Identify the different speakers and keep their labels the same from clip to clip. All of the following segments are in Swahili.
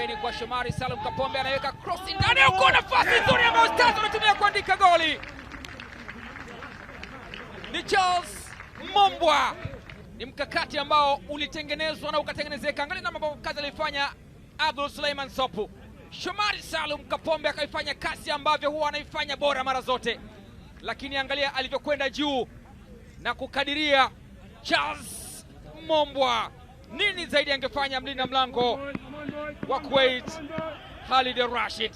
Speaker 1: pembeni kwa Shomari Salum Kapombe anaweka cross ndani huko, nafasi nzuri ambayo Stars wanatumia kuandika goli. Ni Charles Mombwa, ni mkakati ambao ulitengenezwa na ukatengenezeka. Angalia namna ambavyo kazi alifanya Abdul Suleiman Sopu. Shomari Salum Kapombe akaifanya kasi ambavyo huwa anaifanya bora mara zote, lakini angalia alivyokwenda juu na kukadiria Charles Mombwa nini zaidi angefanya mlinda mlango wa Kuwait Khalid Rashid.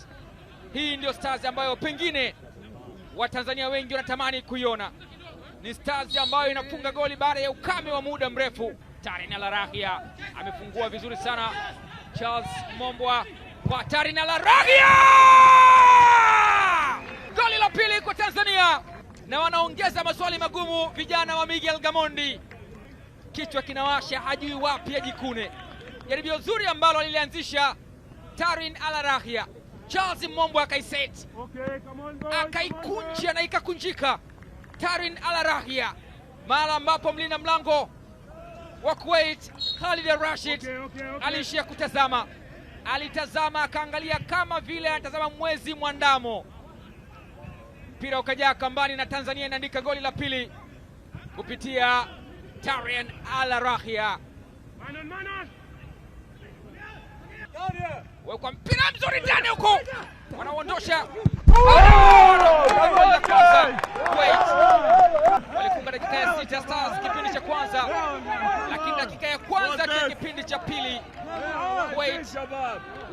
Speaker 1: Hii ndio Stars ambayo pengine Watanzania wengi wanatamani kuiona. Ni Stars ambayo inafunga goli baada ya ukame wa muda mrefu. Tarina Larahia amefungua vizuri sana, Charles Mombwa kwa Tarina Larahia, goli la pili kwa Tanzania, na wanaongeza maswali magumu vijana wa Miguel Gamondi kichwa kinawasha, hajui wapi ajikune. Jaribio zuri ambalo alilianzisha Tarin Alarahia, Charles mombwa akaiset akaikunja na ikakunjika. Tarin Alarahia mahala ambapo mlinda mlango wa Kuwait Khalid Rashid okay, okay, okay. aliishia kutazama, alitazama akaangalia kama vile anatazama mwezi mwandamo. Mpira ukajaa kambani na Tanzania inaandika goli la pili kupitia Mkhitaryan Al Wekwa mpira mzuri ndani huko, wanauondosha oh! walifunga dakika ya sita Stars kipindi cha kwanza, lakini dakika ya kwanza kia kipindi cha pili Kuwait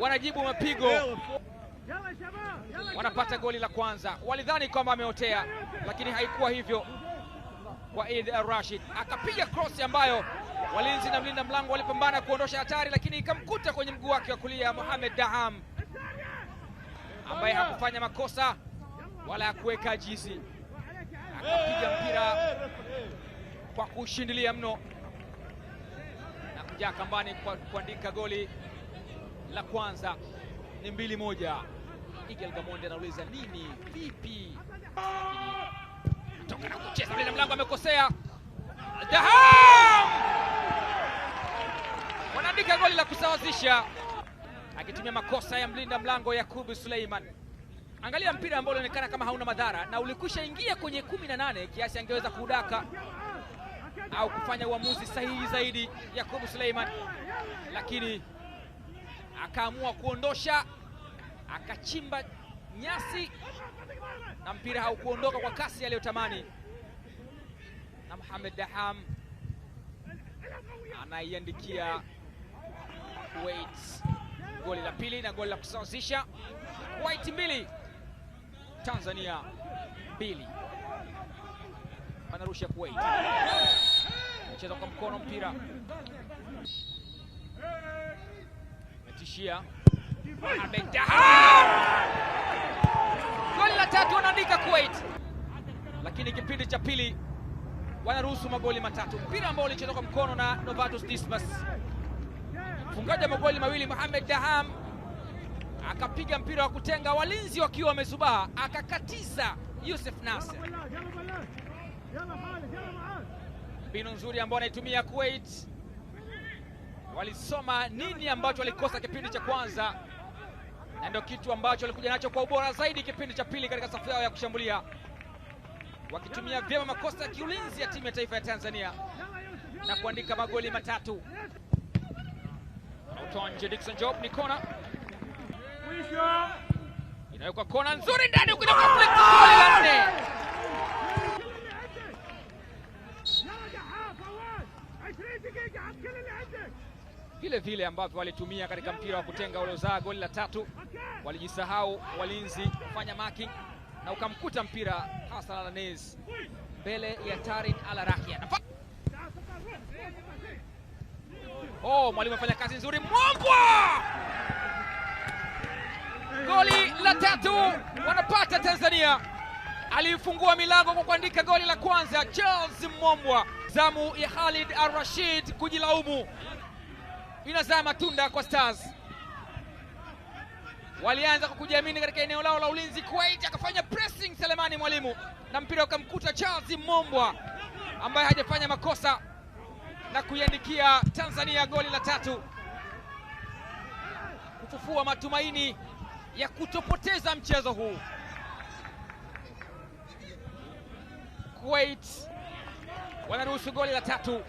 Speaker 1: wanajibu mapigo, wanapata goli la kwanza. Walidhani kwamba ameotea, lakini haikuwa hivyo kwa Eid Rashid, akapiga krosi ambayo walinzi na mlinda mlango walipambana kuondosha hatari, lakini ikamkuta kwenye mguu wake wa kulia Mohamed Daham ambaye hakufanya makosa wala hakuweka jizi, ajizi, akapiga mpira kwa kushindilia mno na kuja kambani kwa kuandika goli la kwanza. Ni mbili moja. igel Gamonde anauliza nini, vipi? cheza bila mlango, amekosea. Daham wanaandika goli la kusawazisha, akitumia makosa ya mlinda mlango Yakubu Suleiman. Angalia mpira ambao ulionekana kama hauna madhara na ulikwisha ingia kwenye kumi na nane kiasi angeweza kudaka au kufanya uamuzi sahihi zaidi Yakubu Suleiman, lakini akaamua kuondosha, akachimba nyasi na mpira haukuondoka kwa kasi aliyotamani na Mohamed Daham anaiandikia Kuwait goli la pili na goli la kusawazisha. Kuwait mbili Tanzania mbili. Anarusha Kuwait, mchezo kwa mkono, mpira natishia Mohamed Daham, goli la tatu anaandika Kuwait, lakini kipindi cha pili wanaruhusu magoli matatu. Mpira ambao ulichezwa kwa mkono na Novatus Dismas, mfungaji wa magoli mawili Mohamed Daham akapiga mpira wa kutenga, walinzi wakiwa wamezubaa, akakatiza Yusuf Nasser. Mbinu nzuri ambayo anaitumia Kuwait, walisoma nini ambacho walikosa kipindi cha kwanza, na ndio kitu ambacho walikuja nacho kwa ubora zaidi kipindi cha pili katika safu yao ya kushambulia wakitumia vyema makosa ya kiulinzi ya timu ya taifa ya Tanzania na kuandika magoli matatu. nje, Dickson Job ni kona, inawekwa kona nzuri ndani, ukija goli la nne. Vile vile ambavyo walitumia katika mpira wa kutenga uliozaa goli la tatu, walijisahau walinzi kufanya marking na ukamkuta mpira Hassan Alanes mbele ya Tarin Alarahia. Oh, mwalimu amefanya kazi nzuri. Mwambwa, goli la tatu wanapata Tanzania. Aliifungua milango kwa kuandika goli la kwanza Charles Mwambwa. Zamu ya Khalid Al-Rashid kujilaumu inazaa matunda kwa Stars walianza kwa kujiamini katika eneo lao la ulinzi. Kuwait akafanya pressing Selemani Mwalimu na mpira ukamkuta Charles Mombwa ambaye hajafanya makosa na kuiandikia Tanzania goli la tatu, kufufua matumaini ya kutopoteza mchezo huu. Kuwait wanaruhusu goli la tatu.